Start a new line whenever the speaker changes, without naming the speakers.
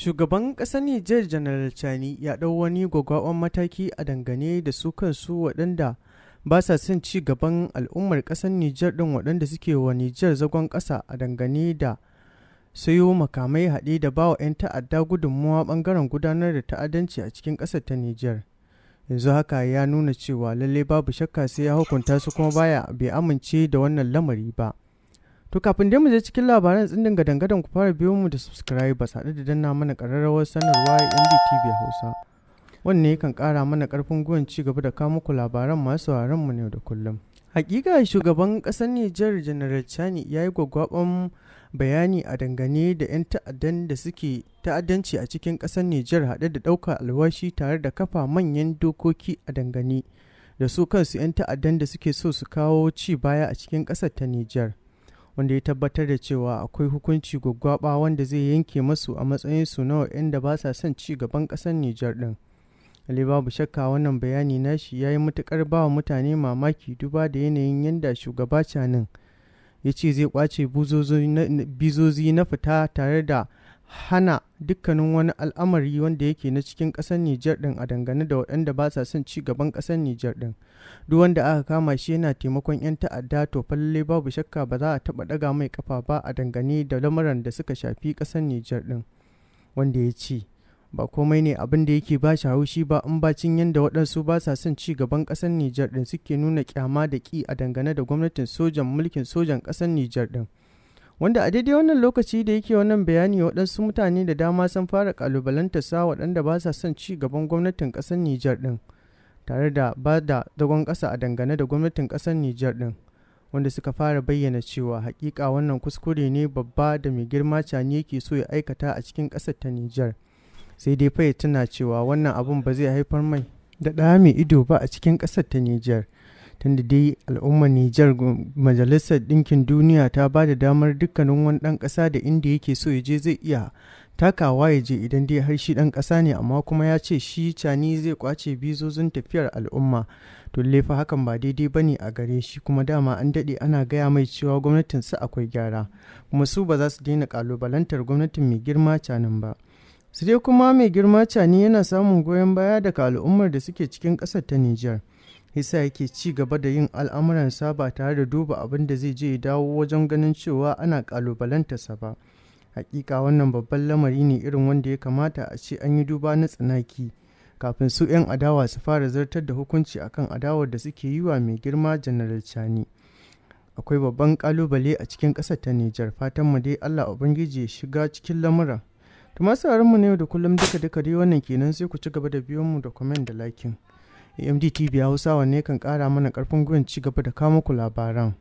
Shugaban kasar Nijar Janar Chani ya ɗau wani gwagwawan mataki a dangane da su kansu waɗanda ba sa son ci gaban al'ummar kasar Nijar din waɗanda suke wa Nijar zagon ƙasa a dangane da sayo makamai haɗe da bawa 'yan ta'adda gudunmuwa bangaren gudanar da ta'addanci a cikin ƙasar ta Nijar. Yanzu haka ya nuna cewa lallai babu shakka sai ya hukunta su kuma baya bai amince da wannan lamari ba. To kafin dai mu je cikin labaran tsindin gadan dangadan ku fara biyo mu da subscribers haɗu da danna mana ƙararrawar sanarwa TV Hausa. Wanne kan ƙara mana ƙarfin gwiwan ci gaba da kawo muku labaran masu sauraron mu ne da kullum. Hakika shugaban ƙasar Nijar General Chani ya yi gwaggwaɓan bayani a dangane da 'yan ta'addan da suke ta'addanci a cikin ƙasar Nijar haɗe da ɗaukar alwashi tare da kafa manyan dokoki a dangane da su kansu 'yan ta'addan da suke so su kawo ci baya a cikin ƙasar ta Nijar. wanda ya tabbatar da cewa akwai hukunci gwaggwaba wanda zai yanke masu a matsayin su na waɗanda ba sa son ci gaban ƙasar Nijar ɗin. Ali babu shakka wannan bayani nashi ya yi matuƙar ba mutane mamaki duba da yanayin yanda shugaba canin ya ce zai ƙwace bizozi na fita tare da hana dukkanin wani al'amari wanda yake na cikin ƙasar Nijar ɗin a dangane da waɗanda ba sa son ci gaban ƙasar Nijar ɗin. Duk wanda aka kama shi yana taimakon 'yan ta'adda to falle babu shakka ba za a taɓa ɗaga mai kafa ba a dangane da lamuran da suka shafi ƙasar Nijar ɗin. Wanda ya ce ba komai ne abin da yake ba shi haushi ba in bacin yadda waɗansu ba sa son ci gaban ƙasar Nijar ɗin suke nuna kyama da ƙi a dangane da gwamnatin sojan mulkin sojan ƙasar Nijar ɗin. wanda a daidai wannan lokaci da yake wannan bayani waɗansu mutane da dama sun fara kalubalanta sa waɗanda ba sa son ci gaban gwamnatin ƙasar Nijar ɗin tare da ba da dagon ƙasa a dangane da gwamnatin ƙasar Nijar ɗin wanda suka fara bayyana cewa hakika wannan kuskure ne babba da mai girma cani yake so ya aikata a cikin ƙasar ta Nijar sai dai fa ya tuna cewa wannan abun ba zai haifar mai da ɗaya mai ido ba a cikin ƙasar ta Nijar tunda dai al'ummar Nijar majalisar ɗinkin duniya ta ba da damar dukkanin wani ɗan ƙasa da inda yake so ya je zai iya takawa ya je idan dai har shi ɗan ƙasa ne amma kuma ya ce shi cani zai kwace bizozin tafiyar al'umma to lefa hakan ba daidai ba ne a gare shi kuma dama an daɗe ana gaya mai cewa gwamnatin su akwai gyara kuma su ba za su daina ƙalubalantar gwamnatin mai girma canin ba su dai kuma mai girma cani yana samun goyon baya daga al'ummar da suke cikin ƙasar ta nijar yasa yake ci gaba da yin al'amuransa ba tare da duba abin da zai je ya dawo wajen ganin cewa ana ƙalubalantarsa ba hakika wannan babban lamari ne irin wanda ya kamata a ce an yi duba na tsanaki. kafin su 'yan adawa su fara zartar da hukunci akan adawar da suke yi wa mai girma janaral chani akwai babban kalubale a cikin ƙasar ta nijar fatan mu dai allah ubangiji ya shiga cikin lamura to masu mu ne da kullum duka duka dai wannan kenan sai ku ci gaba da biyon mu da comment da liking AMD TV Hausa wanne kan kara mana karfin gwiwar ci gaba da kawo muku labaran.